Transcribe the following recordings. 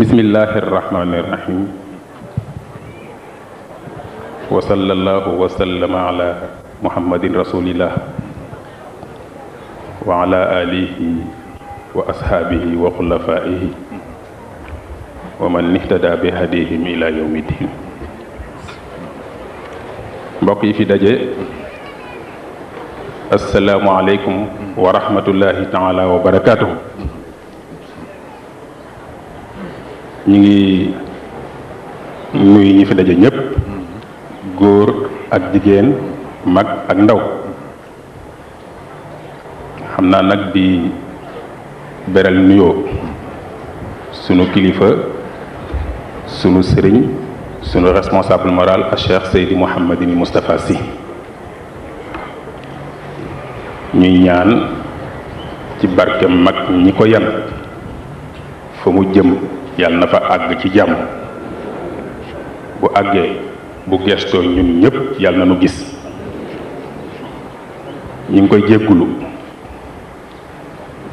بسم الله الرحمن الرحيم وصلى الله وسلم على محمد رسول الله وعلى آله وأصحابه وخلفائه ومن اهتدى بهديهم إلى يوم الدين بقي في دجاء السلام عليكم ورحمة الله تعالى وبركاته ñu ngi nuyu ñi fi daje ñëpp góor ak jigéen mag ak ndaw xam naa nag di beral nuyoo sunu kilifa sunu sëriñ sunu responsable moral ak Cheikh Seydi Mouhamadini Moustapha Sy ñuy ñaan ci barke mag ñi ko yan fa mu jëm yàlla na fa àgg ci jàmm bu àggee bu gestoo ñun ñëpp yàlla na nu gis ñu ngi koy jéggulu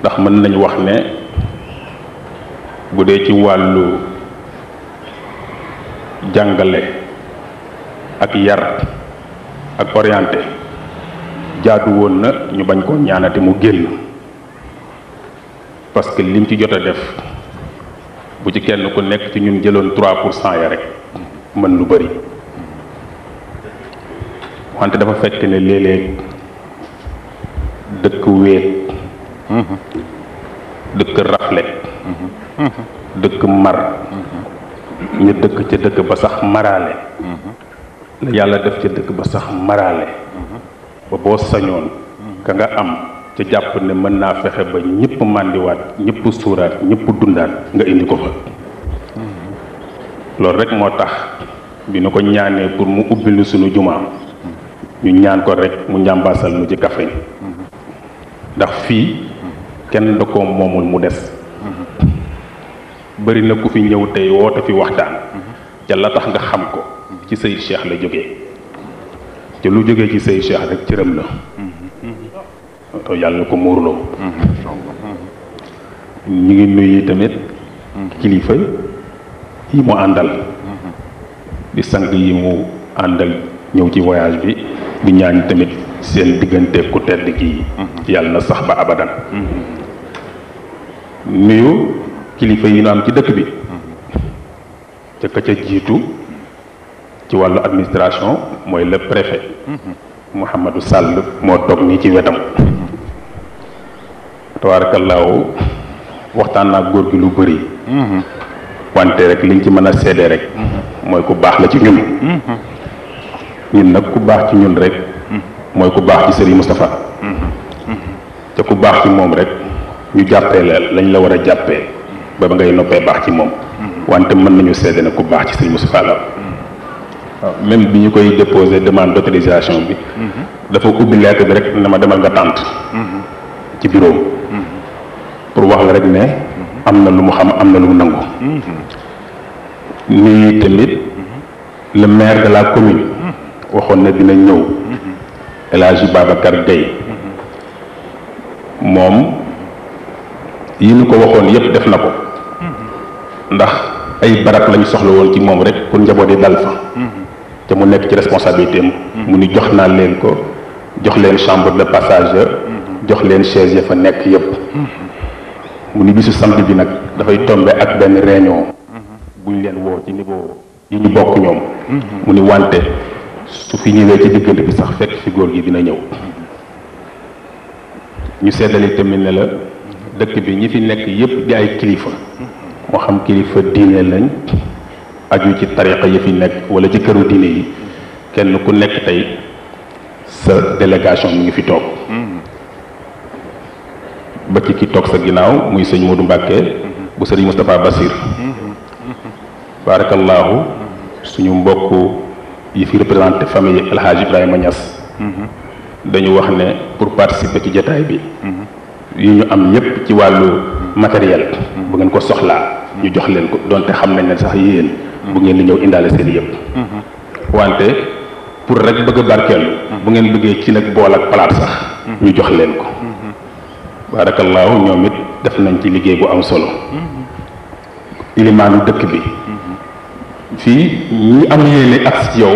ndax mën nañu wax ne bu dee ci wàllu jàngale ak yar ak orienté jaadu woon na ñu bañ koo ñaanate mu génn parce que lim ci jote a def bu ci kenn ku nekk ci ñun jëloon 3 pour cent ya rek man lu bari wante dafa fekk ne léeg-léeg dëkk wéet dëkk rafle dëkk mar ñu dëkk ci dëkk ba sax maraale la yàlla def ci dëkk ba sax maraale ba boo sañoon ka nga am te jàpp ne mën naa fexe ba ñëpp màndiwaat ñëpp suuraat ñëpp dundaat nga indi ko fa loolu rek moo tax bi nu ko ñaanee pour mu ubbi lu sunu jumaa ñu ñaan ko rek mu njàmbaasal mu ci Kaffrine ndax fii kenn da ko moomul mu des bari na ku fi ñëw tey woote fi waxtaan ca la tax nga xam ko ci Seydi Cheikh la jóge ca lu jógee ci Seydi Cheikh rek cëram la te yàlla ko muurloo mhm. ñu ngi nuyu tamit mhm. kilifa yi mu àndal mhm. di sant yi mu àndal ñëw ci voyage bi di ñaan tamit seen diggante ku tedd kii yàlla na sax ba abadan nuyu kilifa yi ñu am ci dëkk bi ca ka ca jiitu ci wàllu administration mooy le préfet Mouhamadou Sall moo toog nii ci wetam tabaarakallaahu waxtaan naa góor gi lu bëri. Mm-hmm. wante rek li liñ ci mën a seede rek. Mm-hmm. mooy ku baax la ci ñun. Mm-hmm. ñun nag ku baax ci ñun rek. mooy ku baax ci Serigne Moustapha. te ku baax ci moom rek ñu jàppee la lañ la war a jàppee ba ba ngay noppee baax ci moom. wante mën nañu seede ne ku baax ci Serigne Moustapha la. waaw même bi ñu koy déposé demande d' bi. dafa ubbi lettre bi rek na ma demal nga tànt ci bureau pour wax la rek ne am na lu mu xam am na lu mu nangu ni tamit le maire de la commune waxoon ne dina ñëw El Hadji Babacar day moom yi ñu ko waxoon yépp def na ko ndax ay barab lañ soxla woon ci moom rek pour njaboot yi dal fa te mu nekk ci responsabilité am mu ni jox naa leen ko jox leen chambre de passageur jox leen chaise ya fa nekk yépp mu ni bisu samedi bi nag dafay tombe ak benn réunion buñ leen woo ci niveau yi ñu bokk ñoom mhm. mu ni wante su fi ñëwee ci diggante bi sax fekk fi góor gi dina ñëw ñu seddali tamit ne la dëkk bi ñi fi nekk yépp di ay kilifa mhm. moo xam kilifa diine lañ aju ci tariqa yi fi nekk wala ci këru diine yi kenn ku nekk tey sa délégation mu ngi fi toog mhm. ba ci ki tok sa ginaaw muy sëñ Modou Mbacke bu sëriñ mustapha Basir barakallahu suñu mbokk yi fi représenté famille El Hadj Ibrahima Niass dañu wax ne pour participer ci jotaay bi yi ñu am ñëpp ci walu matériel bu ngeen ko soxla ñu jox leen ko donte xam nañ ne sax yeen bu ngeen di ñew indalé seen yépp wante pour rek bëgg barkel bu ngeen bëggee ci nak bool ak palaat sax ñu jox leen ko baarakallaahu ñoom it def nañ ci liggéey bu am solo ilimaanu dëkk bi fii ñi am yéene ak ci yow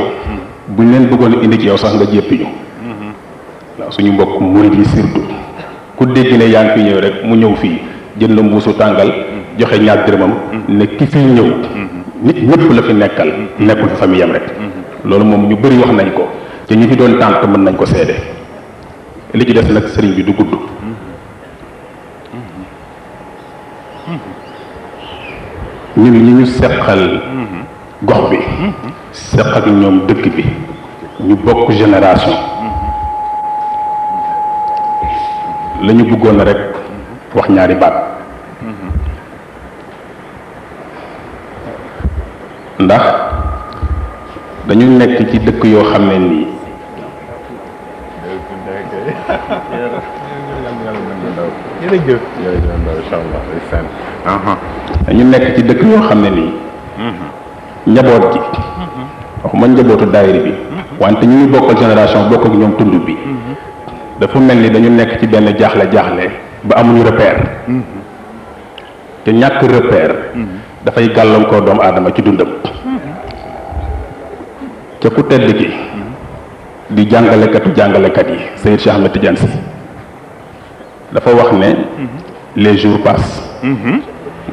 buñ leen bëggoon indi ci yow sax nga jéppi suñu mbokk murid yi surtout ku dégg ne yaa fi ñëw rek mu ñëw fii jënd mbuusu tàngal joxe ñaar dërëmam ne ki fi ñëw nit ñëpp la fi nekkal nekkul fi famille rek loolu moom ñu bari wax nañ ko te ñu fi doon tànt mën nañ ko seede li ci des nag sëriñ bi du gudd ñun li ñu seqal gox bi seq ak ñoom dëkk bi ñu bokk génération la ñu bëggoon rek wax ñaari baat ndax dañu nekk ci dëkk yoo xam ne nii dañu nekk ci dëkk yoo xam ne nii njaboot ji waxuma njabootu daayiri bi wante ñu ngi bokkal génération bokk ak ñoom tund bi dafa mel ni dañu nekk ci benn jaaxle jaaxle ba amuñu repère te ñàkk repère dafay gàllankoor doomu aadama ci dundam ca ku tedd gi di jàngalekatu jàngalekat yi Seyyid Cheikh Ahmed Tidiane dafa wax ne les jours passent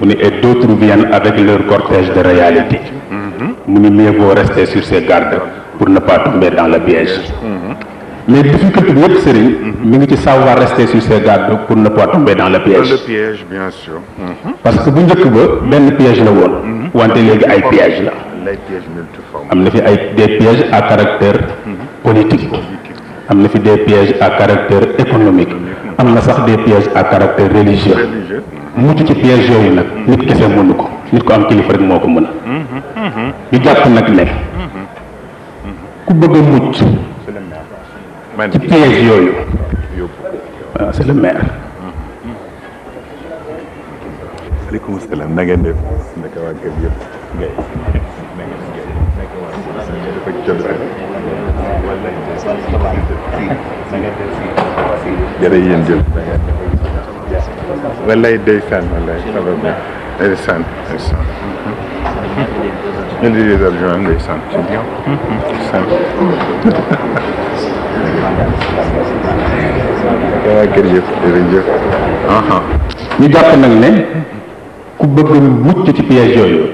et d'autres viennent avec leur cortège de réalité nous mhm. ni mieux rester sur ses gardes pour ne pas tomber dans le piège mais difficulté bi yëpp sëriñ mi nous ci savoir rester sur ses gardes pour ne pas tomber dans le piège le piège bien sûr mhm. parce que si vous ba un piège la woon mhm. wante léegi ay piège la am na des pièges à caractère politique am des pièges à caractère économique am des pièges à caractère religieux mucc ci piège yooyu nag nit kese mënu ko nit ko am kilifa moo ko mën ñu jàpp nag ne ku bëgg mucc ci piège yooyu wallaay ndeysaan wallaay xabar bi ndeysaan ndeysaan ñu di des arguments ndeysaan c'est bien ndeysaan waa kër yëpp jërëjëf ñu jàpp nag ne ku bëgg mucc ci piège yooyu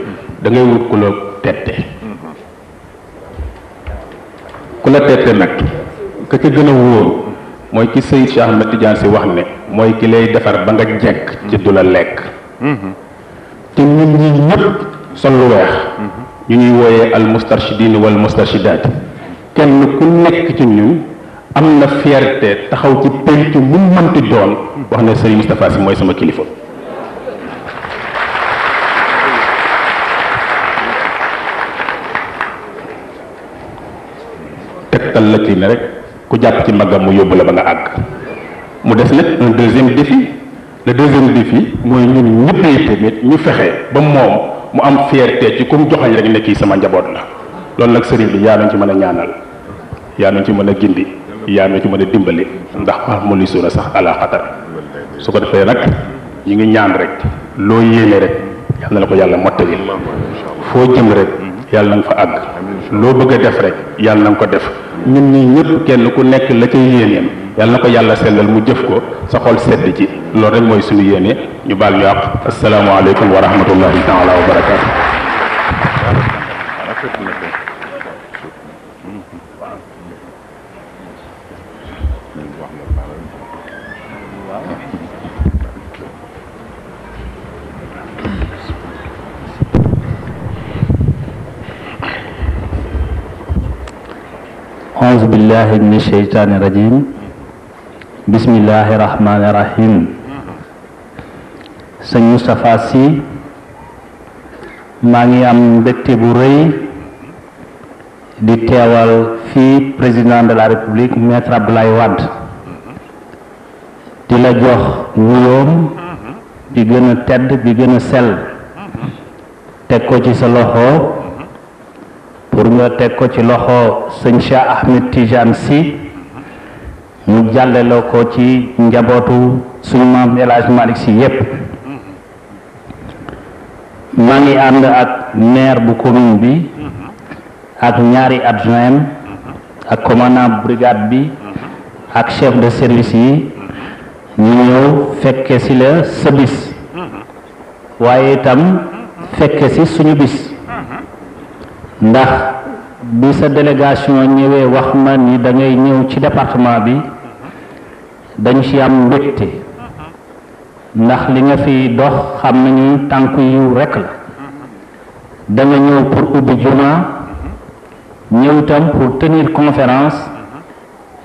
da ngay wut ku la tette ku la tette nag ka ca gën a wóoru mooy ki Seydi Cheikh Ahmed Tidiane si wax ne mooy ki lay defar ba nga jekk ci du la lekk mm-hmm. te ñun ñi ñëpp sol mm-hmm. ñu ñuy wooyee al mustarshidin wal mustarshidaat kenn ku nekk ci ñun am na fierté taxaw ci penc mu mënti doon wax ne Serigne Moustapha Sy mooy sama kilifa tegtal la ci ne rek ku jàpp ci mbaggam mu yóbbu la ba nga àgg mu des nag un deuxième défi le deuxième défi mooy ñun ñëpp tamit ñu fexe ba moom mu am fierté ci ku mu joxañ rek ne kii sama njaboot la loolu nag sëriñ bi yaa nañ ci mën a ñaanal yaa nañ ci mën a gindi yaa nañ ci mën a dimbali ndax wax mu sax ala xatar su ko defee nag ñu ngi ñaan rek loo yéene rek yàlla na la ko yàlla mottali foo jëm rek yàlla na nga fa àgg loo bëgg a def rekk yàlla na nga ko def ñun ñi ñëpp kenn ku nekk la ca yéeneem yàlla na ko yàlla sellal mu jëf ko sa xol sedd ci loolu rek mooy suñu yéene ñu baal ñu àq asalaamaaleykum wa rahmatullahi taala wa barakaatu بالله من الشيطان الرجيم Bismillahirrahmanirrahim. الله الرحمن الرحيم sëñ Moustapha di teewal fi président de la république maître Abdoulaye Wade di la jox wuyoom bi gën a tedd bi gën a sell pour ñu tek ko ci loxo sëñ Cheikh Ahmed Tidiane si ñu jàllale loko ci njabootu suñu maam elage malik si yépp ma ngi and ak maire bu commune bi ak ñaari adjoint ak commandant brigade bi ak chef de service yi ñu ñëw fekke ci le service waye tam fekke ci suñu bis ndax bi sa délégation ñëwee wax ma ni dangay ngay ñëw ci département bi dañ ci am mbégte ndax li nga fi dox xam nañu tànk yu rekk la da nga ñëw pour ubbi juma ñëw itam pour tenir conférence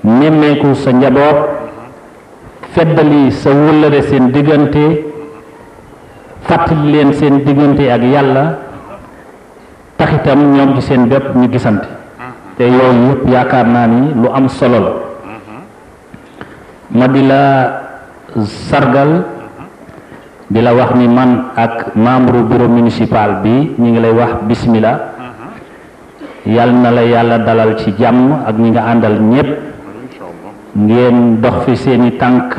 nemmeeku sa njaboot feddali sa wëllëre seen diggante fàttali leen seen diggante ak yàlla tax itam ñoom ci seen bépp ñu gisante te yooyu yëpp yaakaar naa ni lu am solo la ma sargal di la wax ni man ak membre bureau municipal bi ñi ngi lay wax bismillah yal na la yàlla dalal ci jàmm ak ñi nga àndal ñépp ngeen dox fi seeni tànk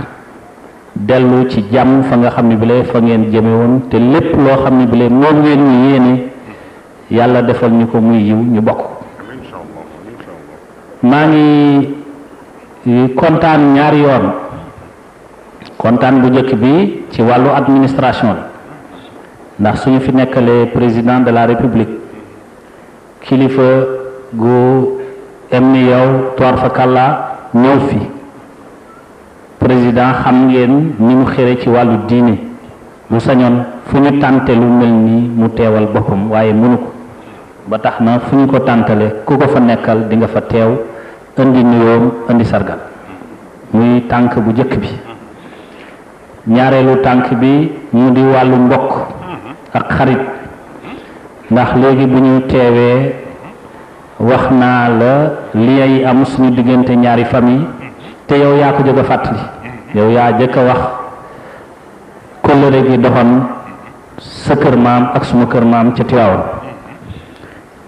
dellu ci jàmm fa nga xam ne bi lay fa ngeen jëme woon te lépp loo xam bi lay ngeen ñu yéene yàlla defal ñu ko muy yiw ñu bokk maa ngi eh, kontaan ñaari yoon kontaan bu njëkk bi ci wàllu administration bi ndax suñu fi nekkalee président de la république kilifa gu em ni yow toor kàlla ñëw fi président xam ngeen ni mu xëre ci wàllu diine bu sañoon fu ñu tànte lu mel nii mu teewal boppam waaye mënu ko ba tax na fu ñu ko tàntale ku ko fa nekkal di nga fa teew indi nuyoom indi sargal muy tànk bu jëkk bi ñaareelu tànk bi mu di wàllu mbokk ak xarit ndax léegi bu ñu teewee wax naa la li am suñu diggante ñaari famille te yow yaa ko jóge fàttali yow yaa jëkk a wax kóllëre gi doxoon sa kër maam ak suma kër maam ca tiwaawoon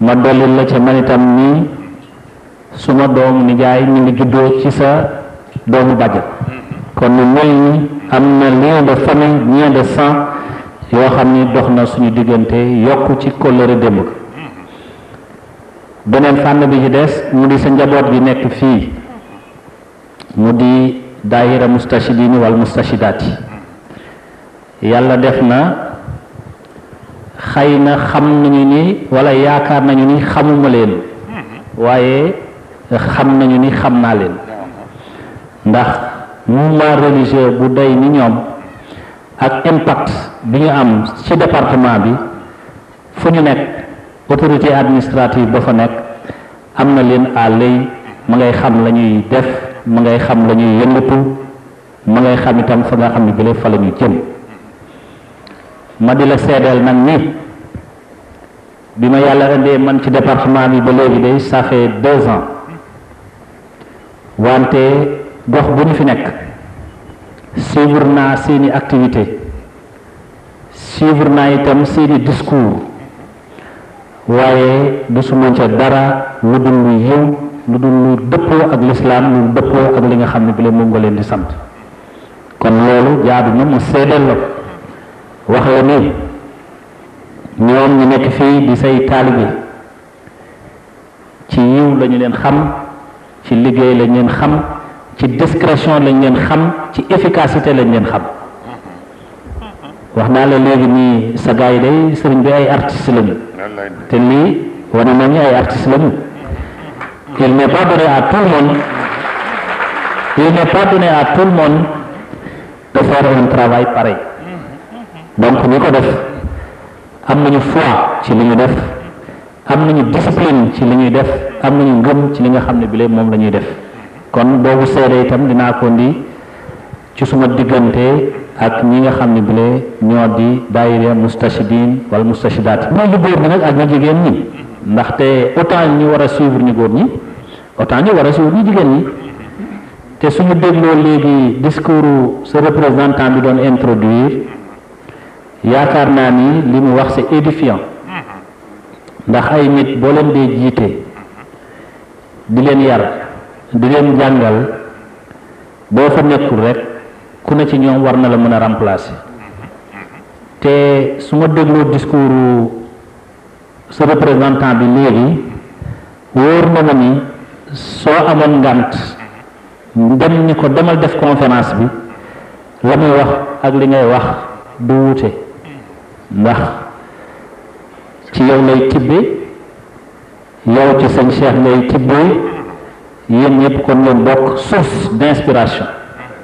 ma dolli la ca man itam nii suma doom nijaay mi ngi juddoo ci sa doomu bàjj kon mu mel ni am na lien famille lien de yoo xam ni dox na suñu diggante yokk ci kóllëre démb beneen fànn bi ci des mu di sa njaboot bi nekk fii mu di daayira mustashidini wal mustashidaati yàlla def na xëy na xam nañu ni wala yaakaar nañu ni xamuma leen waaye xam nañu ni xam naa leen ndax mouvement religieux bu day ni ñoom ak impact bi ñu am ci département bi fu ñu nekk autorité administrative ba fa nekk am na leen à lay ma ngay xam la ñuy def ma ngay xam la ñuy yëngatu ma ngay xam itam fa nga xam ne fa la jëm ma di la seedeel nag ni bi ma yàlla indee man ci département bi ba léegi day ça fait deux ans wante gox bu ñu fi nekk suivre naa seeni activité suivre naa itam seeni discours waaye gisuma ca dara lu dul lu yiw lu dul lu dëppoo ak lislaam lu dëppoo ak li nga xam ne bi la moom nga leen di sant kon loolu jaadu ñu mu seedeel la ko wax la ni ñoom ñu nekk fii di say taalibe ci yiw lañu leen xam ci liggéey lañ leen xam ci discrétion lañ leen xam ci efficacité lañ leen xam wax naa la léegi nii sa gars yi day sëriñ bi ay artiste lañu te lii wane nañu ay artiste lañu il n'est pas donné à tout il n'est pas donné à tout le monde de faire donc ñi ko def am nañu foi ci li ñu def am nañu discipline ci li ñuy def am nañu ngëm ci li nga xam ne bile moom la ñuy def kon boobu seede itam dinaa ko ni ci suma diggante ak ñi nga xam ne bile ñoo di daayira mustachidin wala mustachidaat mooy lu góor ñi nag ak ñu jigéen ñi ndaxte autant ñu war a suivre ñu góor ñi autant ñu war a suivre ñu jigéen ñi te suñu dégloo léegi discours sa représentant bi doon introduire yaakaar naa ni li mu wax c'est édifiant ndax ay nit boo leen dee jiite di leen yar di leen jàngal boo fa nekkul rek ku ne ci ñoom war na la mën a remplacer te su ma dégloo discours sa représentant bi léegi wóor na ma ni soo amoon ngant dem ni ko demal def conférence bi la wax ak li ngay wax du wute ndax ci yow lay tibbe yow ci sëñ Cheikh lay tibbe yéen kon ngeen bokk source d'inspiration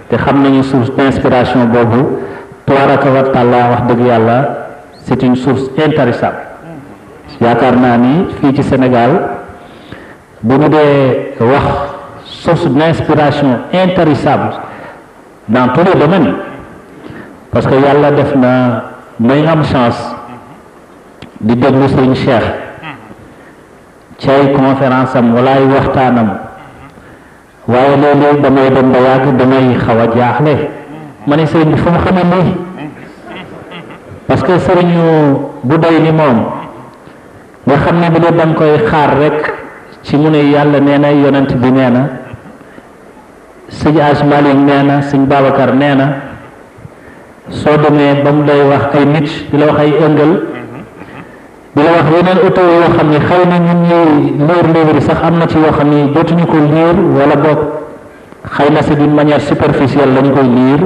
te xam nañu source d'inspiration boobu tabaraka wa taala wax dëgg yàlla c'est une source intarissable yaakaar naa ni fii ci Sénégal bu ñu dee wax source d'inspiration intarissable dans tous les domaines parce que yàlla def na may am chance di deglu serigne cheikh ci ay conférence am wala ay waxtaanam waaye léeg damay dem ba yag damay xawa a mané serigne ne sëriñ bi fu mu xamee lii parce que serigne bu doy ni mom nga xamné bu do da koy xaar rek ci mune yalla néna yonent bi néna na sëñ Asmalik nee Babakar sëñ soo demee ba mu lay wax ay nit di la wax ay ëngal di la wax yeneen auto yoo xam ne xëy na ñun ñuy liir livre sax am na ci yoo xam ne jotuñu ko liir wala boog xëy na d'une manière superficielle lañ koy liir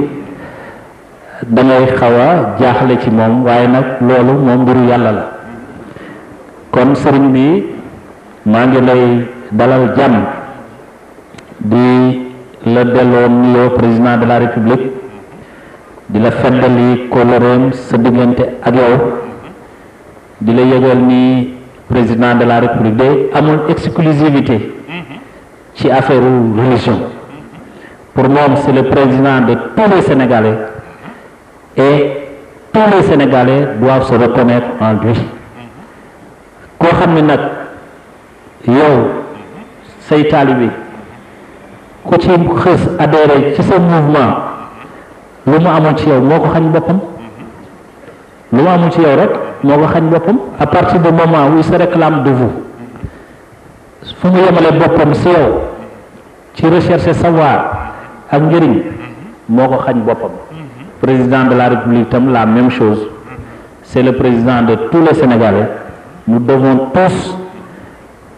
da ngay xaw a jaaxle ci moom waaye nag loolu moom mbiru yàlla la kon sëriñ bi maa ngi lay dalal jàmm di la delloo nuyoo président de la république de la feddali Colorem, sa diggante ak la ni président de la république de mon exclusivité ci affaire religion pour nous, c'est le président de tous les Sénégalais et tous les Sénégalais doivent se reconnaître en lui Quoi xam ne nag yow say taalibe ku ci mouvement lu mu amoon ci yow moo ko xañ boppam lu mu amoon ci yow rek moo ko xañ boppam à partir du moment où il se réclame de vous fu mu yemale boppam si yow ci recherche savoir ak njëriñ moo ko xañ boppam président de la république tam la même chose c'est le président de tous les sénégalais nous devons tous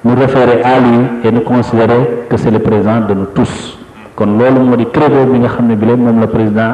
nous référer à lui et nous considérer que c'est le président de nous tous kon loolu moo di credo bi nga xam ne bi leen moom le président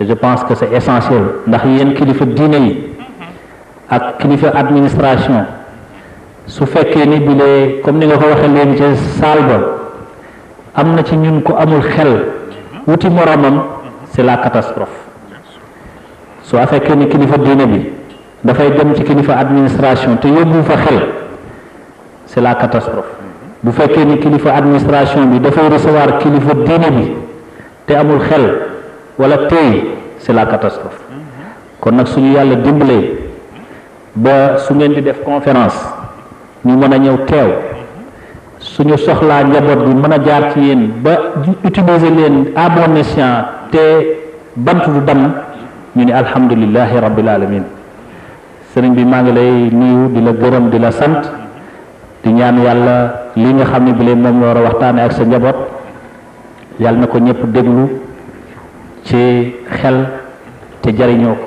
je pense que c'est essentiel ndax yéen kilifa diine yi ak kilifa administration su fekkee ni bilee comme ni nga ko waxee léegi ci saal ba am na ci ñun ko amul xel wuti moromam c'est la catastrophe su fekkee ni kilifa diine bi dafay dem ci kilifa administration te yóbbu fa xel c'est la catastrophe bu fekkee ni kilifa administration bi dafay recevoir kilifa diine bi te amul xel wala tey c'est la catastrophe kon nak suñu yalla dimbalé ba su ngeen di def conférence ñu mëna a tew suñu soxla njabot bi mëna jaar ci yeen ba utiliser len à bon escient té bantu du dam ñu ni alhamdullilah rabbil alamin sëriñ bi ma ngi lay nuyu di la gërëm di la sant di ñaan yalla li nga xamni bi leen moom wara war a ak sa njabot yalla nako ñepp déglu ci xel te jariñoo ko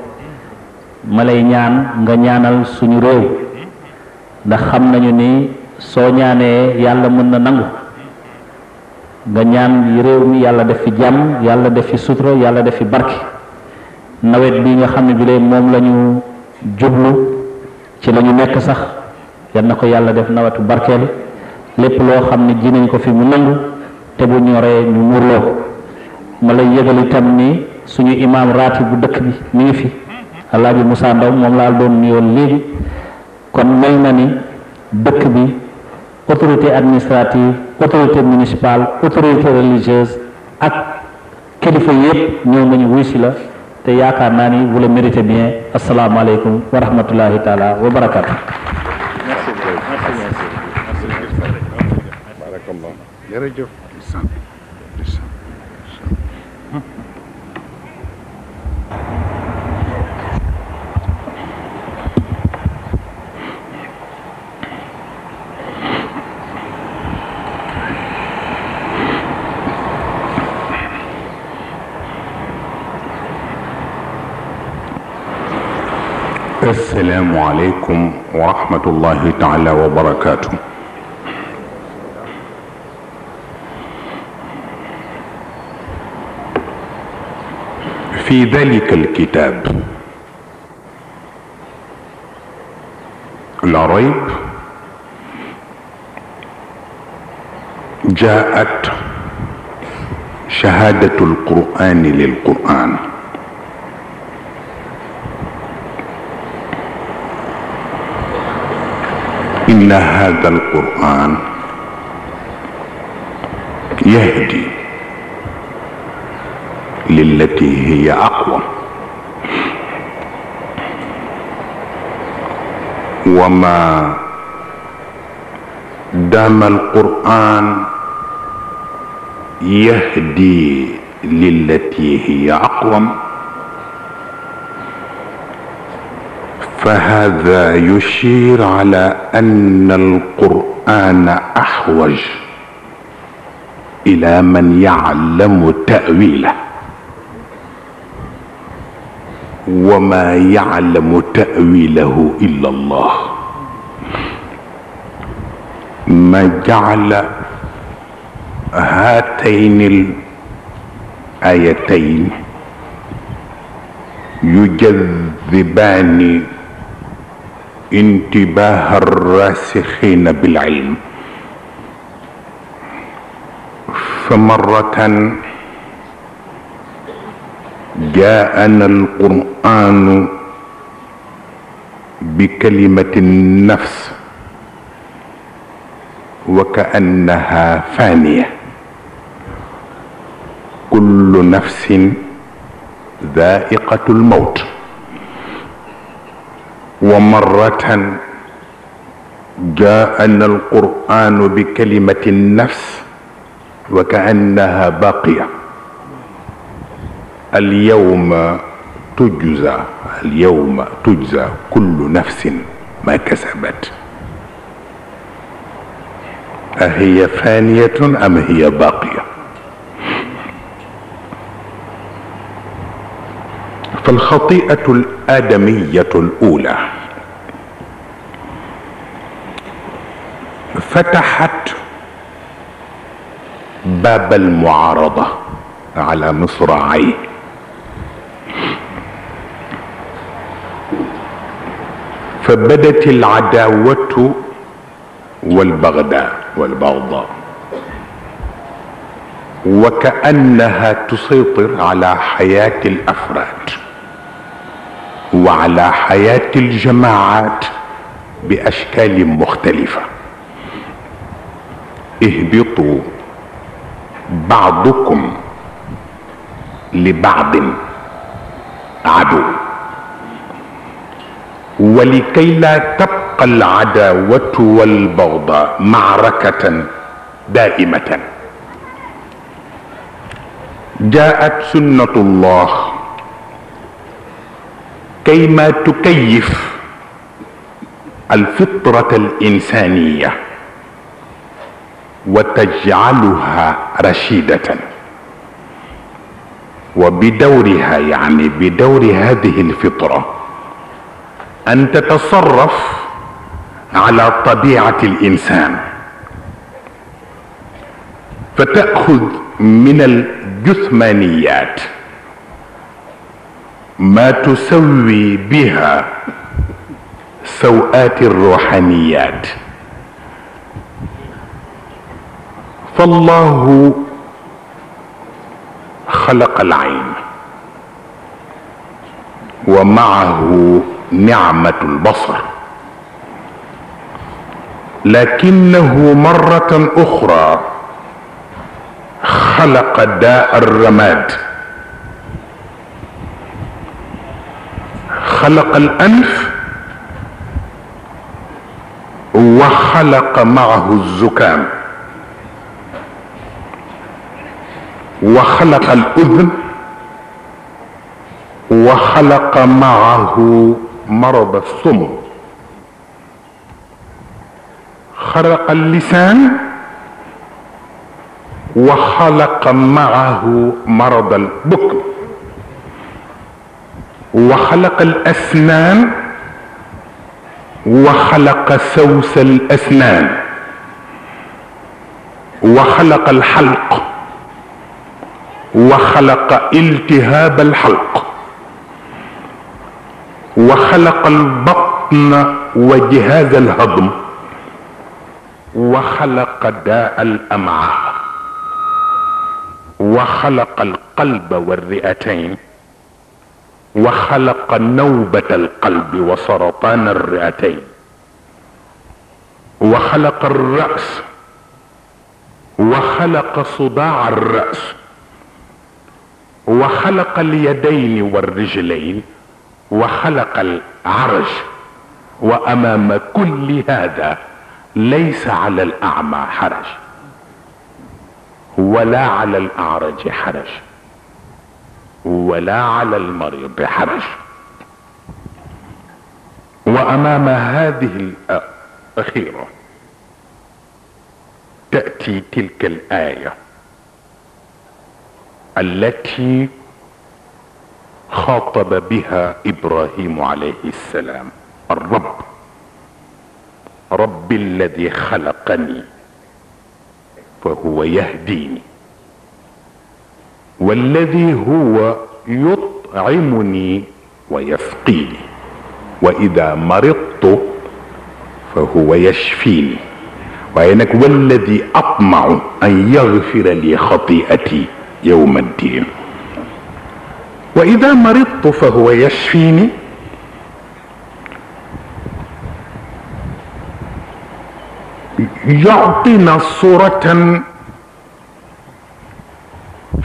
ma lay ñaan nga ñaanal suñu réew ndax xam nañu ni soo ñaanee yàlla mën na nangu nga ñaan réew mi yàlla def fi jàmm yàlla def fi sutura yàlla def fi barke nawet bi nga xam ne bi lee moom la ñu jublu ci la ñu nekk sax yal na ko yàlla def nawetu barkeelu lépp loo xam ne ji nañ ko fi mu nangu te bu ñoree ñu muurloo ko ma lay yëgal itam ni suñu imaam raati bu dëkk bi mi ngi fi alaaji Moussa Ndaw moom laa doon nuyoon léegi kon mel na ni dëkk bi autorité administrative autorité municipale autorité religieuse ak kilifa yépp ñëw nañu wuy si la te yaakaar naa ni vous le méritez bien asalaamaaleykum wa rahmatullahi taala wa barakaatu. السلام عليكم ورحمة الله تعالى وبركاته في ذلك الكتاب لا ريب جاءت شهادة القرآن للقرآن ان هذا القران يهدي للتي هي اقوم وما دام القران يهدي للتي هي اقوم فهذا يشير على ان القران احوج الى من يعلم تاويله وما يعلم تاويله الا الله ما جعل هاتين الايتين يجذبان انتباه الراسخين بالعلم فمره جاءنا القران بكلمه النفس وكانها فانيه كل نفس ذائقه الموت ومرة جاءنا القرآن بكلمة النفس وكأنها باقية اليوم تجزى اليوم تجزى كل نفس ما كسبت أهي فانية أم هي باقية فالخطيئه الادميه الاولى فتحت باب المعارضه على مصراعيه فبدت العداوه والبغداء والبغضاء وكانها تسيطر على حياه الافراد وعلى حياة الجماعات بأشكال مختلفة اهبطوا بعضكم لبعض عدو ولكي لا تبقى العداوة والبغضاء معركة دائمة جاءت سنة الله كيما تكيف الفطرة الإنسانية وتجعلها رشيدة وبدورها يعني بدور هذه الفطرة أن تتصرف على طبيعة الإنسان فتأخذ من الجثمانيات ما تسوي بها سوءات الروحانيات فالله خلق العين ومعه نعمه البصر لكنه مره اخرى خلق داء الرماد خلق الانف وخلق معه الزكام وخلق الاذن وخلق معه مرض السم خلق اللسان وخلق معه مرض البكم وخلق الاسنان وخلق سوس الاسنان وخلق الحلق وخلق التهاب الحلق وخلق البطن وجهاز الهضم وخلق داء الامعاء وخلق القلب والرئتين وخلق نوبة القلب وسرطان الرئتين وخلق الرأس وخلق صداع الرأس وخلق اليدين والرجلين وخلق العرج وامام كل هذا ليس على الاعمى حرج ولا على الاعرج حرج ولا على المريض حرج وامام هذه الاخيره تاتي تلك الايه التي خاطب بها ابراهيم عليه السلام الرب رب الذي خلقني فهو يهديني والذي هو يطعمني ويسقيني واذا مرضت فهو يشفيني وعينك والذي اطمع ان يغفر لي خطيئتي يوم الدين واذا مرضت فهو يشفيني يعطينا صوره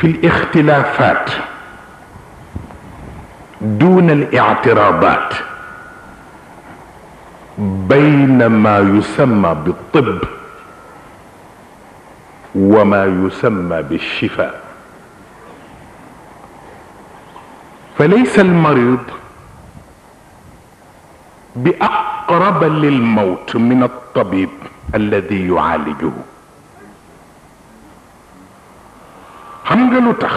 في الاختلافات دون الاعتراضات بين ما يسمى بالطب وما يسمى بالشفاء فليس المريض باقرب للموت من الطبيب الذي يعالجه xam nga lu tax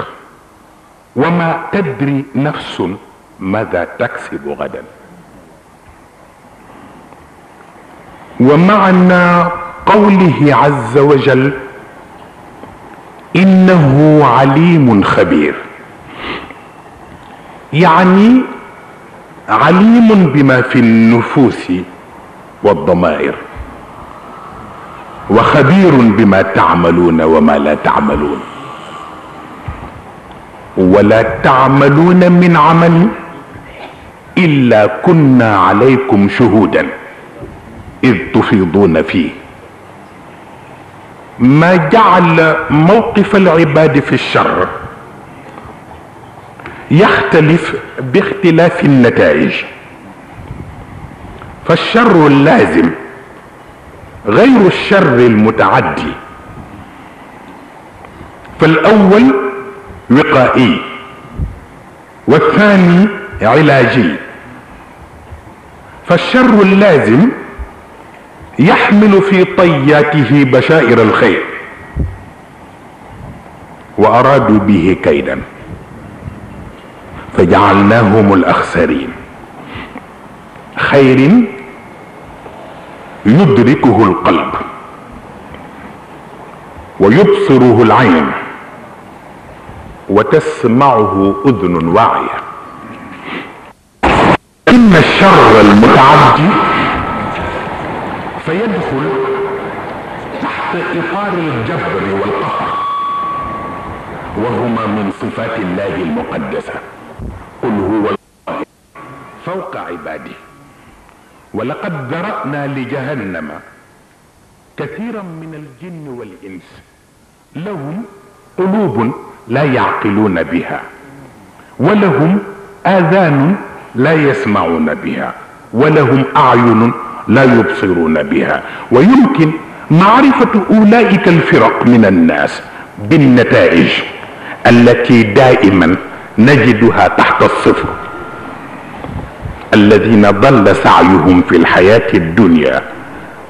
wa tadri nafsun ماذا تكسب غدا ومعنى قوله عز وجل انه عليم خبير يعني عليم بما في النفوس والضمائر وخبير بما تعملون وما لا تعملون ولا تعملون من عمل الا كنا عليكم شهودا اذ تفيضون فيه ما جعل موقف العباد في الشر يختلف باختلاف النتائج فالشر اللازم غير الشر المتعدي فالاول وقائي والثاني علاجي فالشر اللازم يحمل في طياته بشائر الخير وارادوا به كيدا فجعلناهم الاخسرين خير يدركه القلب ويبصره العين وتسمعه اذن واعيه ان الشر المتعدي فيدخل تحت اطار الجبر والقهر وهما من صفات الله المقدسه قل هو الله فوق عباده ولقد ذرانا لجهنم كثيرا من الجن والانس لهم قلوب لا يعقلون بها ولهم اذان لا يسمعون بها ولهم اعين لا يبصرون بها ويمكن معرفه اولئك الفرق من الناس بالنتائج التي دائما نجدها تحت الصفر الذين ضل سعيهم في الحياه الدنيا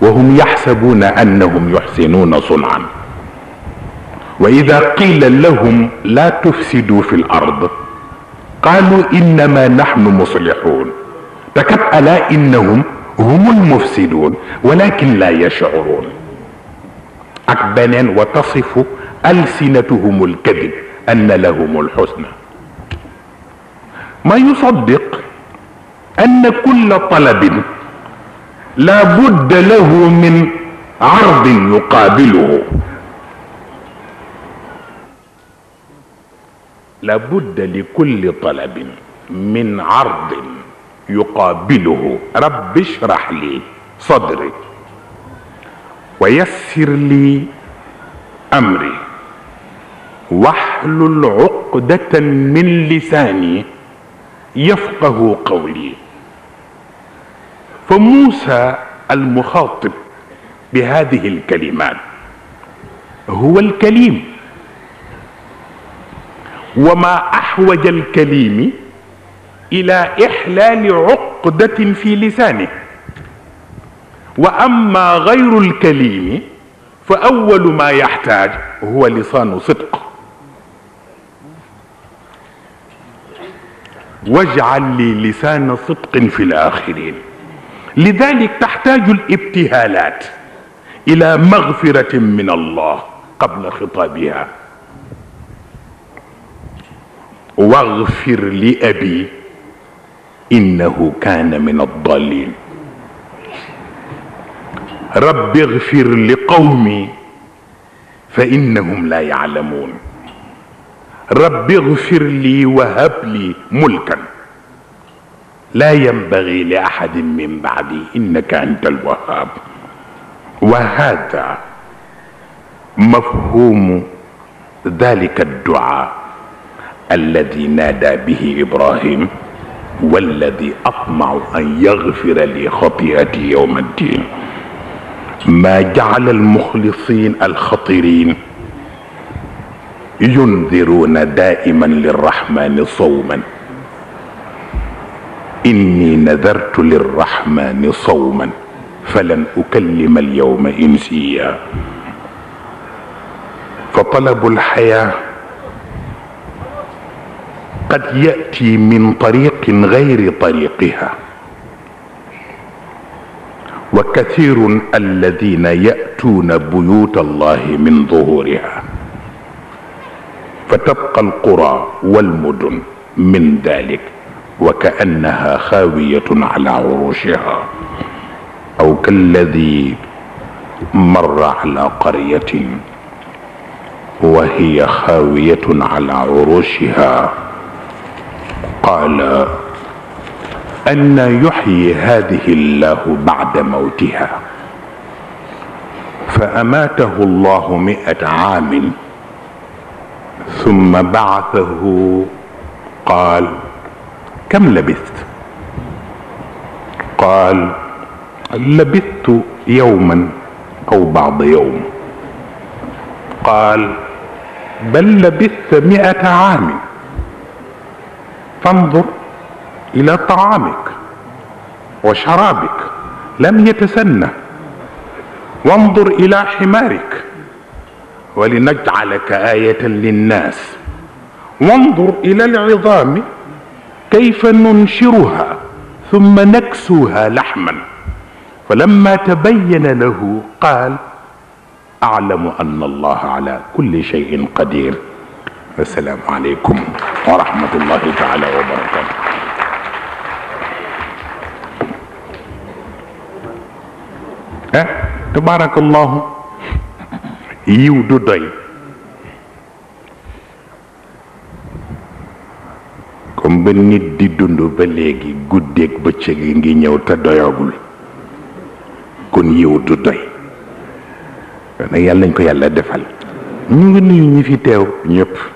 وهم يحسبون انهم يحسنون صنعا واذا قيل لهم لا تفسدوا في الارض قالوا انما نحن مصلحون فكم الا انهم هم المفسدون ولكن لا يشعرون اكبنا وتصف السنتهم الكذب ان لهم الحسنى ما يصدق ان كل طلب لا بد له من عرض يقابله لابد لكل طلب من عرض يقابله رب اشرح لي صدري ويسر لي امري واحلل عقدة من لساني يفقه قولي فموسى المخاطب بهذه الكلمات هو الكليم وما أحوج الكليم إلى إحلال عقدة في لسانه وأما غير الكليم فأول ما يحتاج هو لسان صدق واجعل لي لسان صدق في الآخرين لذلك تحتاج الابتهالات إلى مغفرة من الله قبل خطابها واغفر لأبي إنه كان من الضالين رب اغفر لقومي فإنهم لا يعلمون رب اغفر لي وهب لي ملكا لا ينبغي لأحد من بعدي إنك أنت الوهاب وهذا مفهوم ذلك الدعاء الذي نادى به ابراهيم والذي اطمع ان يغفر لي خطيئتي يوم الدين ما جعل المخلصين الخطيرين ينذرون دائما للرحمن صوما اني نذرت للرحمن صوما فلن اكلم اليوم انسيا فطلب الحياه قد ياتي من طريق غير طريقها وكثير الذين ياتون بيوت الله من ظهورها فتبقى القرى والمدن من ذلك وكانها خاويه على عروشها او كالذي مر على قريه وهي خاويه على عروشها قال أن يحيي هذه الله بعد موتها فأماته الله مئة عام ثم بعثه قال كم لبثت قال لبثت يوما أو بعض يوم قال بل لبثت مئة عام فانظر الى طعامك وشرابك لم يتسنى وانظر الى حمارك ولنجعلك ايه للناس وانظر الى العظام كيف ننشرها ثم نكسوها لحما فلما تبين له قال اعلم ان الله على كل شيء قدير wassalaamu aleykum wa rahmatullahi wa barakatu ah eh, tabaarakallahu yiw du doy comme ba nit di dund ba léegi guddeeg bëccëg yi ngi ñëw te doyagul kon yiw du doy nag yàlla nañ ko yàlla defal ñu ngi nuyu ñi fi teew ñëpp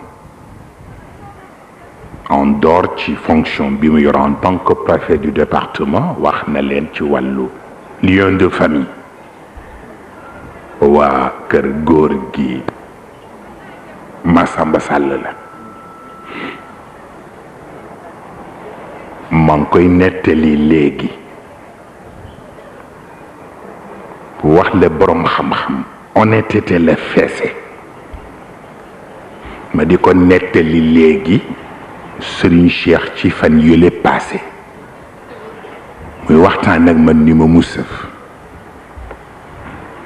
en dehors ci fonction bi en préfet du département wax na leen ci de famille waa kër góor ma Massamba Sall la maa ngi koy nettali léegi wax la boroom xam-xam honnêteté la feese ma serigne Cheikh ci fan Je passé muy waxtan ak man ni ma musaf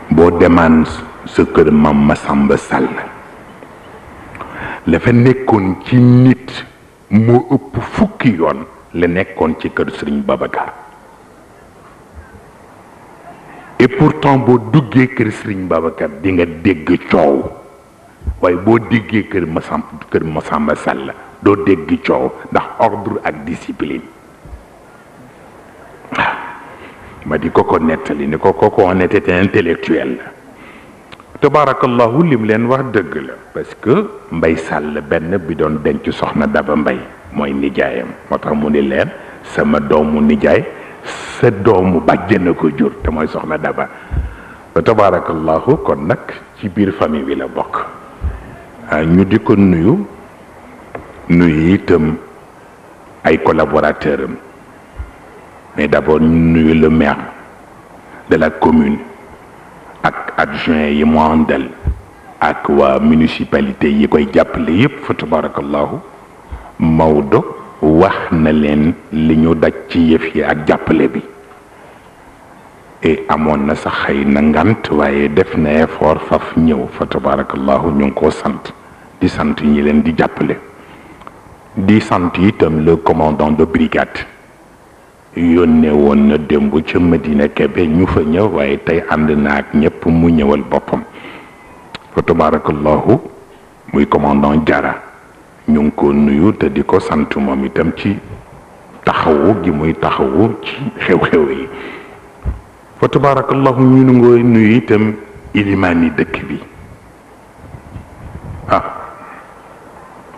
boo ce que je mam Masamba Sall la fa nekkoon ci nit mo upp fukki ci Babacar et pourtant bo duggé keur serigne Babacar di nga dégg je et dégg ciow ordre ak discipline ma di Je netali ni ko on était intellectuel je lim wax la parce que mbay sal suis bi denc soxna daba mbay moy nijaayam motax mu sama doomu nijaay sa domou jur te moy soxna daba kon ci famille la ah, ñu nuyu itam ay collaborateur am mais d'abord nuyu le maire de la commune ak adjoint yi mu àndal ak waa municipalité yi koy jàppale yépp fa tabarakallahu Maodo wax na leen li ñu daj ci yëf yi ak jàppale bi et amoon na sax xëy na ngant waaye def na effort faf ñëw fa tabarakallahu ñu ngi koo sant di sant ñi leen di jàppale di sant itam le commandant de brigade yónnee woon na démb ca Medina Kébé ñu fa ñëw waaye tey ànd na ak ñëpp mu ñëwal boppam fa tabarakallahu muy commandant jara ñu ngi ko nuyu te di ko sant moom itam ci taxawu gi muy taxawu ci xew-xew yi fa tabarakallahu ñu ngi nuyu itam ilimaani dëkk bi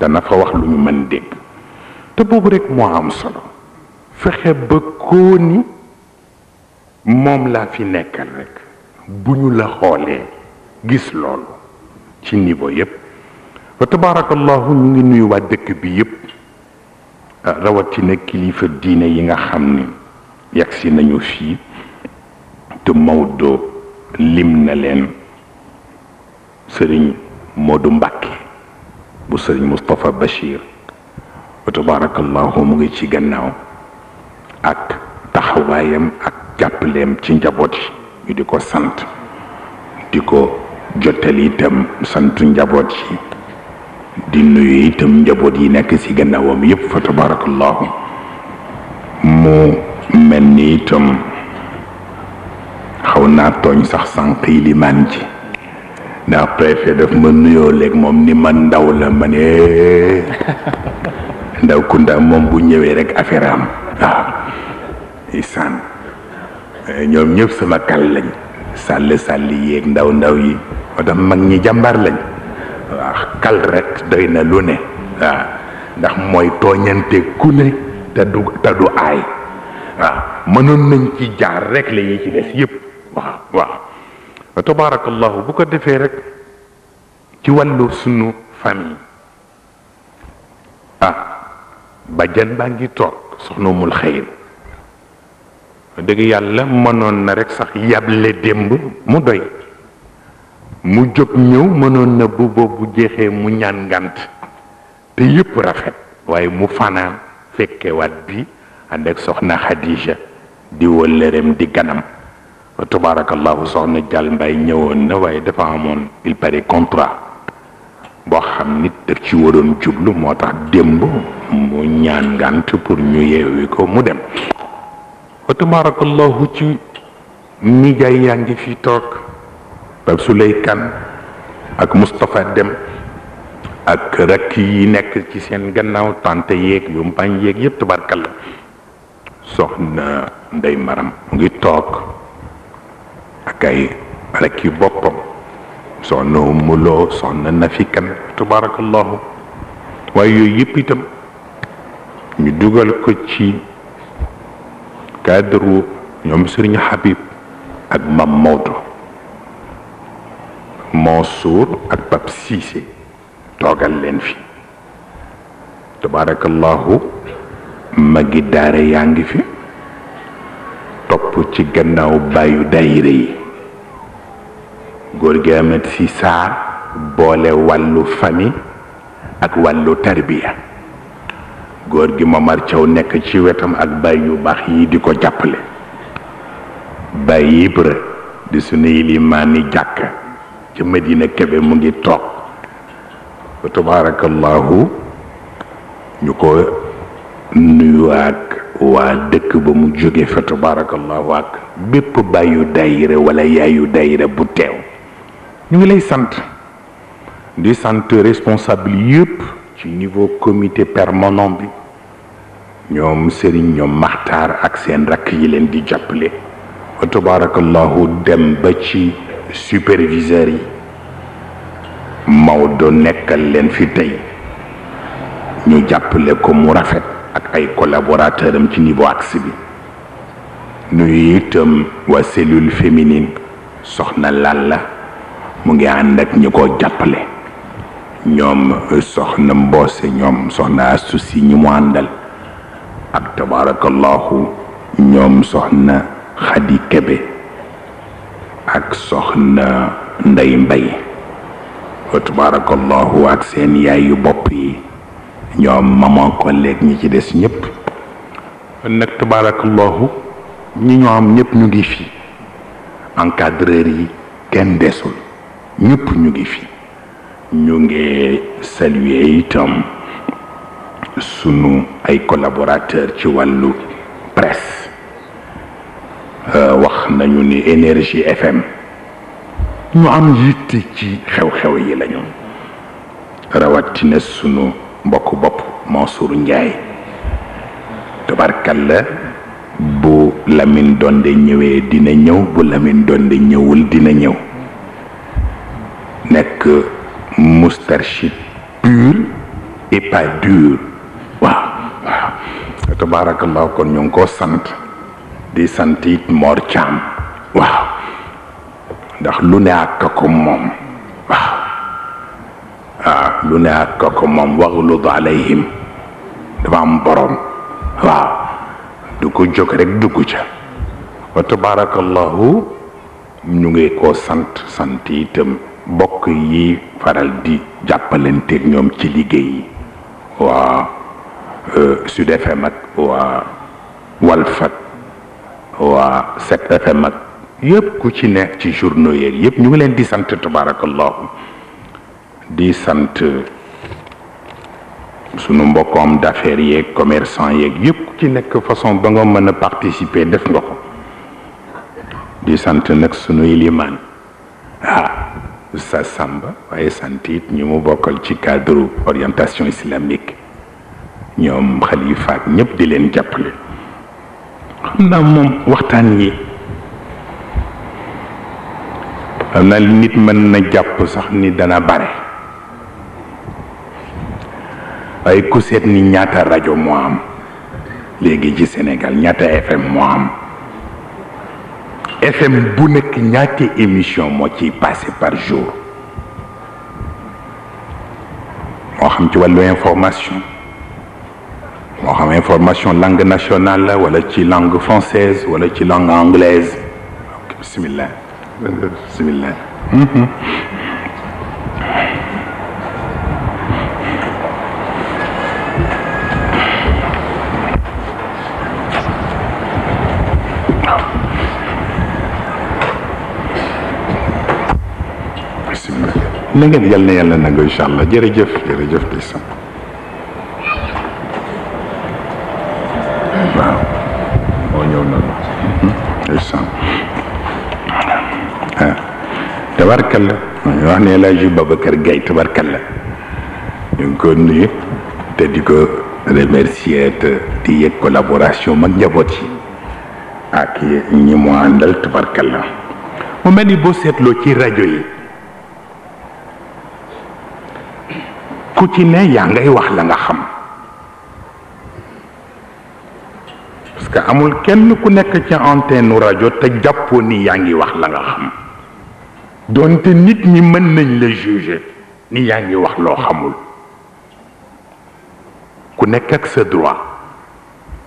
dana fa wax lu ñu mën dégg te boobu rek moo am solo fexe ba koo ni moom laa fi nekkal rek bu ñu la xoolee gis loolu ci niveau yépp fa tabaarakallahu ñu ngi nuyu waa dëkk bi yépp rawatina kilifa diine yi nga xam ni yagsi nañu fii te Maodo lim na leen sëriñ Modou Mbacke bu serigne mustapha bashir tabaaraka allahu mu ngi ci gannaaw ak taxawayam ak jappelem ci njabot yi diko sante diko jotali tam sante njabot yi di nuyu itam njabot yi nek ci gannaawam yépp fa tabaaraka allahu mu melni ni itam xaw naa sax sànq yi limaan ji ndax préfet daf ma nuyoo léeg moom ni man ndaw la ma ne ndaw Kounda moom bu ñëwee rek affaire am waaw ah, isaan eh, ñoom ñëpp sama kal lañ sàll sàll yéeg ndaw ndaw yi moo tax mag ñi jàmbaar lañ waaw ah, kal rek doy na lu ne waaw ah, ndax mooy tooñante ku ne te du aay waaw mënoon nañ ci jaar rek la ci des yëpp waaw fa tabarakallahu bu ko defee rek ci wàllu sunu famille ah, ba jën baa ngi toog soxna mul xëyr dëgg yàlla mënoon na rekk sax yable démb mu doy mu jóg ñëw mënoon na bu boobu jeexee mu ñaan ngant te yépp rafet waaye mu fanaan fekkewaat bi ànd ak soxna Xadija di wëllëreem di ganam fa tabarakallahu soxna Diall Mbaye ñëwoon na waaye dafa amoon il paraît contrat boo xam nit daf ci waroon jublu moo tax démb mu ñaan ngant pour ñu yeewi ko mu dem fa tabarakallahu ci nijaay yaa ngi fi toog Pape Souley kan ak Moustapha Dem ak rek yi nekk ci seen gannaaw tante yeeg yu mpaañ yeeg yëpp tabarkalla soxna Ndey Maram mu ngi toog حكاية ملك يبطم سعنهم ملو سعن النفيكا تبارك الله ويو يبتم يدوغل كتشي كادرو يوم سرين حبيب اك مموتو منصور اك باب سيسي توغل لنفي تبارك الله مجد داري يانجي في topp ci gannaaw bàyyu dayire yi góor gi amet si saar boole wàllu famille ak wàllu tarbiya góor gi Momar Thiaw nekk ci wetam ak bàyyi yu baax yi di ko jàppale bàyyi Ibra di sunu yilimaani jàkk ca Medina Kebe mu ngi toog fa tabaarakallaahu ñu ko nuyu ak wa dekk ba mu joge fa tabarakallahu ak bepp bayu daire wala yaayu daire bu tew ñu ngi lay sante di sante responsable yep ci niveau comité permanent bi ñom serigne ñom maxtaar ak sen rak yi len di jappelé wa tabarakallahu dem ba ci superviseur yi Maodo nekkal len fi tay ñu jappelé ko mu rafet ak ay collaborateur am ci niveau axe bi nuyu itam waa cellule féminine soxna Lalla mu ngi ànd ak ñi ko jàppale ñoom soxna mboose ñoom soxna susi ñi mu àndal ak tabarakallahu ñoom soxna xadi kebe ak soxna ndey mbay tabarakallahu ak seen yaayu bopp yi ñoom maman ko léeg ñi ci des ñëpp kon nag tabarakallahu ñi ñoo am ñëpp ñu ngi fi encadreur yi kenn desul ñëpp ñu ngi fi ñu ngi saluer itam sunu ay collaborateur ci wàllu presse euh, wax nañu ni énergie FM ñu am yitte ci xew-xew yi lañu rawatina sunu mbokk bopp Mansour Njaay tabarkalla bu Lamine Donde ñëwee dina ñëw bu lamin Donde ñëwul dina ñëw nekk moustarchid pur et waaw waaw tabaarakallahu kon ñu ngi koo sant di sant it Mor waaw ndax lu ne ak ko moom lu ne ak ko moom waxlud alayhim dafa am boroom waaw du ko jóg rek dugg ca wa tabarakallahu ñu ngi koo sant sant itam bokk yi faral di jàppalanteeg ñoom ci liggéey yi waa euh, Sud FM ak waa Walf waa Sept FM ak yëpp ku ci nekk ci journaux yépp ñu ngi leen di sant tabarakallahu di sante sunu mbokku d'affaires yi commerçants yi yépp ci nek façon ba nga mën participer def nga ko di sante nag sunuy limaan ah sa Samba waaye sant it mu bokkal ci cadre orientation islamique ñom khalifa ak ñëpp di leen jàppale xam mom waxtan waxtaan yi xam nit mën na sax ni dana bare waaye ku seet ni ñaata radio mo am léegi ci Sénégal ñaata FM mo am FM bu nekk ñaata émission mo ci passé par jour moo xam ci walu information moo xam information langue nationale la wala ci langue française wala ci langue anglaise bismillah bismillah mm-hmm. na ngeen yal na yàlla nangu incha allah jërëjëf jërëjëf ndeysaan waaw moo ñëw noonu hmm? ndeysaan ah tabarkalla ñu wax ne El Hadj Babacar Gaye tabarkalla ñu ngi ko nuyu te di ko remercier te di yëg collaboration mag njaboot yi ak ñi mu àndal tabarkalla mu mel ni boo seetloo ci rajo yi. ku ci ne yaa ngay wax la nga xam parce que amul kenn ku nekk ca antenne rajo te jàppoo ni yaa ngi wax la nga xam doonte nit ñi mën nañ la juger ni yaa ngi wax loo xamul ku nekk ak sa droit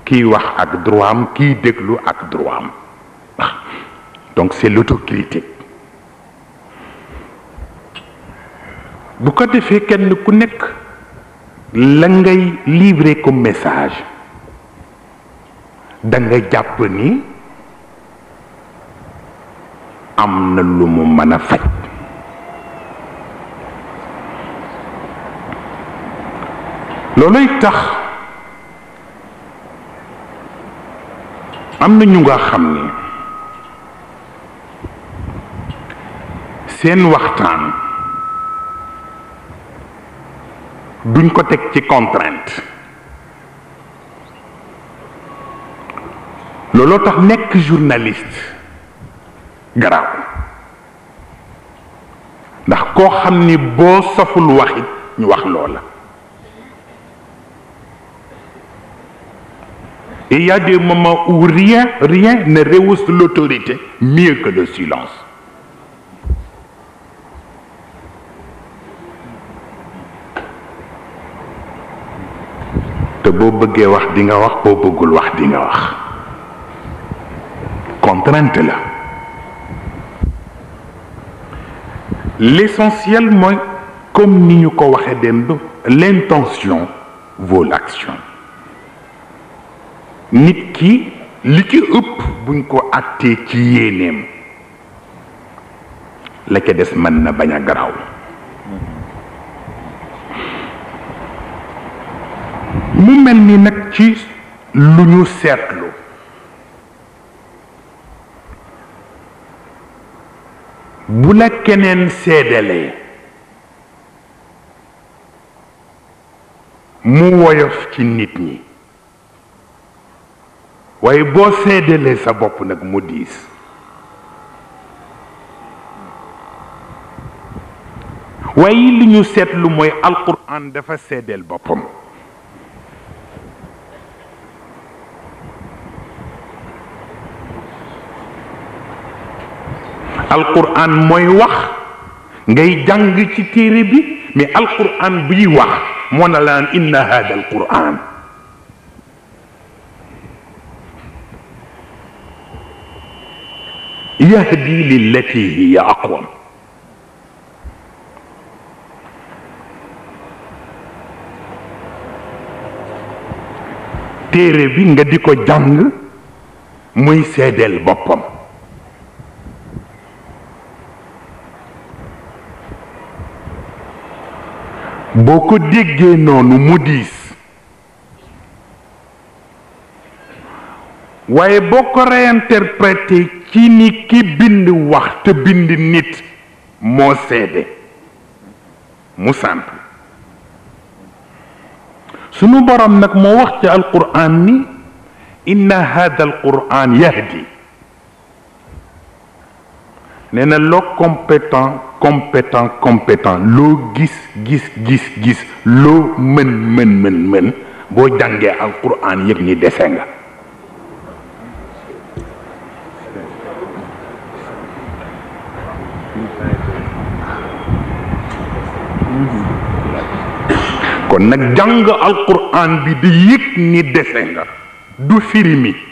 kiy wax ak droit am kiy déglu ak droit am donc c'est l'autocritique bu ko defee kenn ku nekk la ngay livrer comme message da nga jàpp ni am na lu mu mën a faj tax am na ñu nga xam ni seen waxtaan duñ ko teg ci contrainte looloo tax nekk journaliste grave. ndax koo xam ni boo saful waxit ñu wax loola et il y a des moments où rien rien ne réussit l'autorité mieux que le silence te boo bëggee wax di nga wax boo bëggul wax di nga wax contrainte la l'essentiel mooy comme ni ñu ko waxee démb l'intention vaut l'action nit ki li ci ëpp buñ ko àttee ci yéeneem la ca des mën na bañ a garaaw mu mel ni nag ci lu ñu seetlu bu la keneen seedalee mu woyof ci nit ñi waaye boo seedalee sa bopp nag mu diis waaye li ñu seetlu mooy alquran dafa seedeel boppam القران موي واخ غاي جانغ سي تيري بي مي القران بي واخ مونا لان ان هذا القران يهدي للتي هي اقوى téere bi nga di ko jàng muy seedeel boo ko déggee noonu mu diis waaye boo ko réinterprété ci ni ki bind wax te bind nit moo seede mu simple sunu borom nag moo wax ci alquran ni inna hada alquran yahdi nee lo compétent compétent compétent lo gis gis gis gis lo men, men, men men bo jangé alquran yëg ni dese nga kon nag jàng alquran bi di yëg ni dese nga du firimi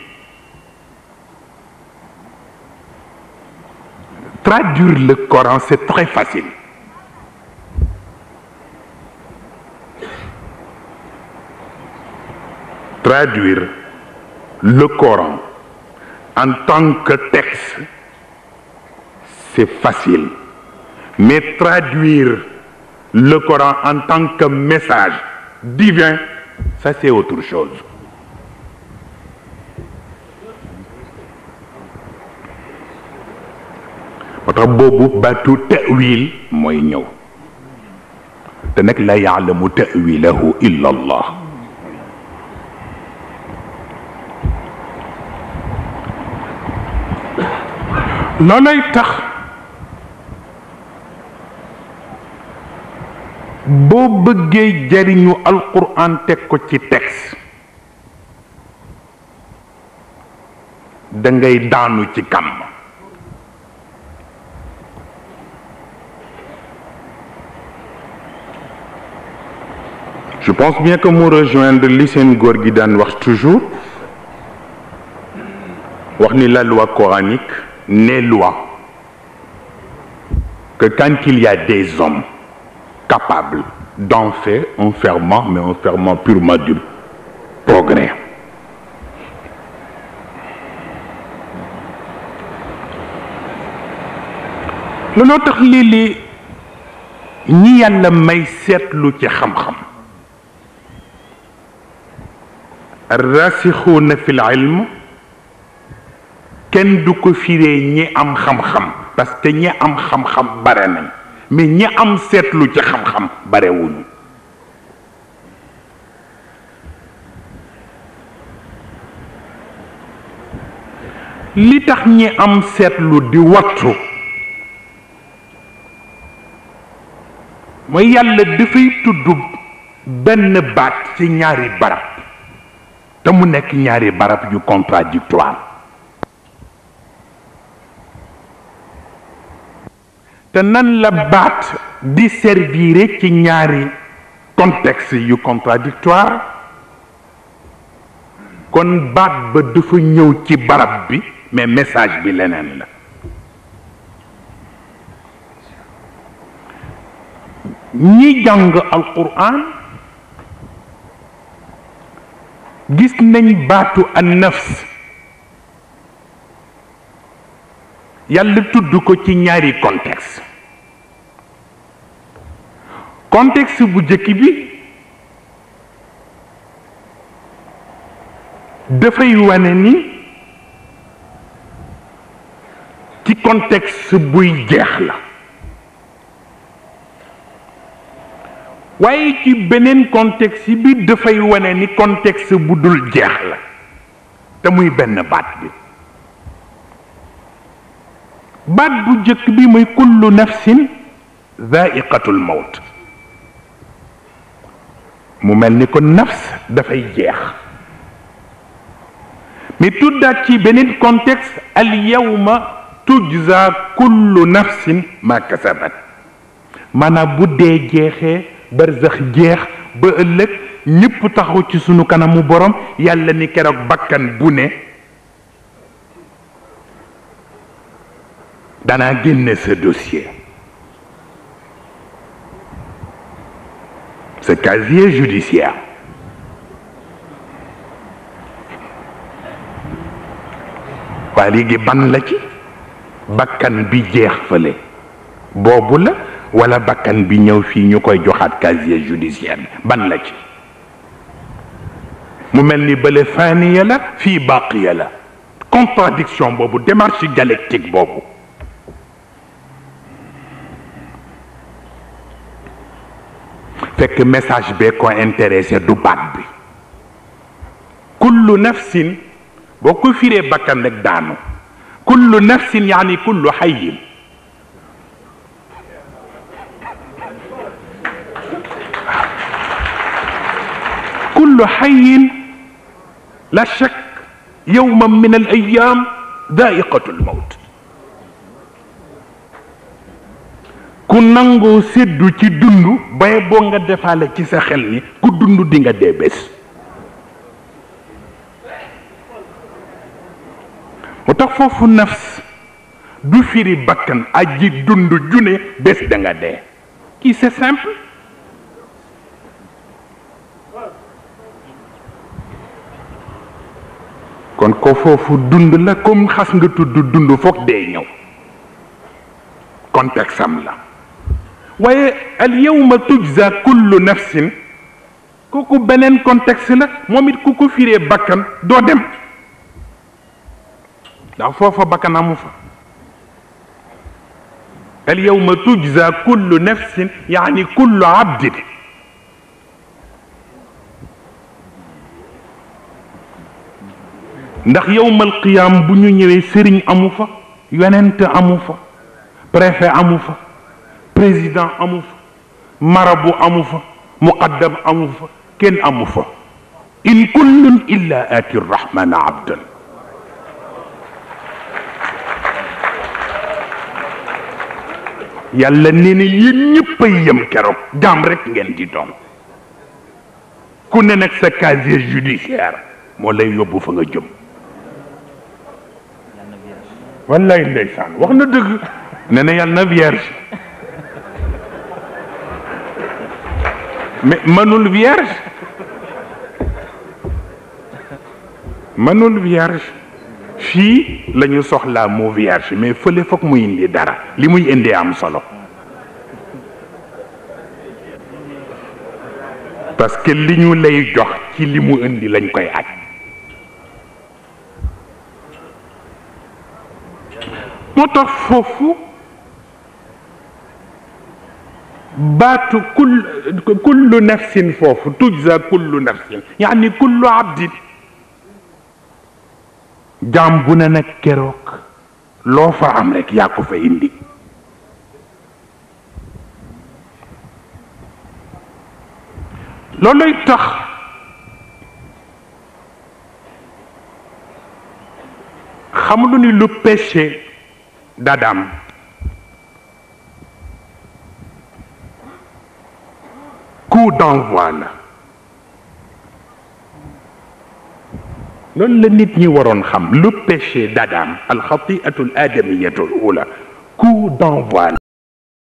Traduire le Coran, c'est très facile. Traduire le Coran en tant que texte, c'est facile. Mais traduire le Coran en tant que message divin, ça c'est autre chose. moo tax boobu baatu tawil mooy ñëw te nag la yaalamu tawilahu illa loolay tax boo bëggee jariñu alquran teg ko ci texte da daanu ci kam je pense bien que nous rejoindre de seen Gorgidan toujours wax la loi coranique n'est loi que quand il y a des hommes capables d'en faire un ferment, mais un ferment purement du progrès. Le tax lili ni ñi la rasixuuna fil ilm kenn du ko firee ñi am xam-xam parce que ñi am xam-xam bare nañ mais ñi am seetlu ci xam-xam barewuñu li tax ñi am seetlu di wattu mooy yàlla dafay tudd benn baat ci ñaari barab te nek ñaari barab yu contradictoire te nan la baat di servir ci ñaari contexte yu contradictoire kon baat ba du fa ci barab bi mais message bi leneen la ñi jàng alquran gis nañ baatu an nafs yàlla tudd ko ci ñaari contexte contexte bu jëkk bi dafay wane ni ci contexte buy jeex la waaye ci beneen contexte bi dafay wone ni contexte bu dul jeex la te muy benn baat bi baat bu jëkk bi muy kullu nafsin dhaaiqatul mawt mu mel ni ko nafs dafay jeex mi tuddaat ci beneen contexte al yawma tujza kullu nafsin ma kasabat maanaam bu dee jeexee barzax jeex ba ëllëg ñëpp taxaw ci sunu kanamu borom yàlla ni keroog bakkan bu ne danaa génne sa dossier sa casier judiciaire waa léegi ban la ci bakkan bi jeex fële boobu la ولا بكن بي نيو في ني كوي جوخات كازي جوديسيير بان لا تي مو ملني بالي فاني لا في باقي لا كونتراديكسيون بوبو ديمارشي ديالكتيك بوبو فك ميساج بي كو انتريسي دو بات بي كل نفس بوكو فيري بكن نك دانو كل نفس يعني كل حي كل حي لا شك يوما من الايام ذائقه الموت ku nangoo séddu ci dund bay boo nga defaale ci sa xel ni ku dund di nga dee bés mu tax foofu nafs du firi bakkan aji dund june bés da dee kii c'est simple kon ko foofu dund la comme xas nga tudd dund foog dee ñëw contexte am la waaye al yawma tujza kullu nafsin kooku beneen contexte la moom it ku ko firee bakkan doo dem ndax foofa bakkan amu fa al yawma tujza kullu nafsin yaani kullu abdin ndax yowmal qiyam bu ñu ñëwee sëriñ amu fa yonent amu fa préfet amu fa président amu fa marabu amu fa muqaddam amu fa kenn amu fa in kullun illa ati rahmana abdan yàlla neene yéen ñeppay ay yem keroog jaam rek ngeen di doon ku ne nak sa casier judiciaire mo lay yóbbu fa nga jëm wallaay ndeysaan wax na dëgg nee na yàlla na vierge mais mënul vierge mënul vierge fii la ñu mu vierge mais fële foog mu indi dara li muy indi am solo parce que li ñu lay jox ci li mu indi lañ koy aj moo tax foofu baatu kull kullu nafsin foofu tujza kullu nafsin yaani kullu abdin jaam bu ne nag keroog loo fa am rek yaa ko fa indi looluy tax xamulu ni lu péché dadam coup d'envoi la loolu la nit ñi waroon xam le péché d'Adam al xatiatu al adamiyatu al ula coup d'envoi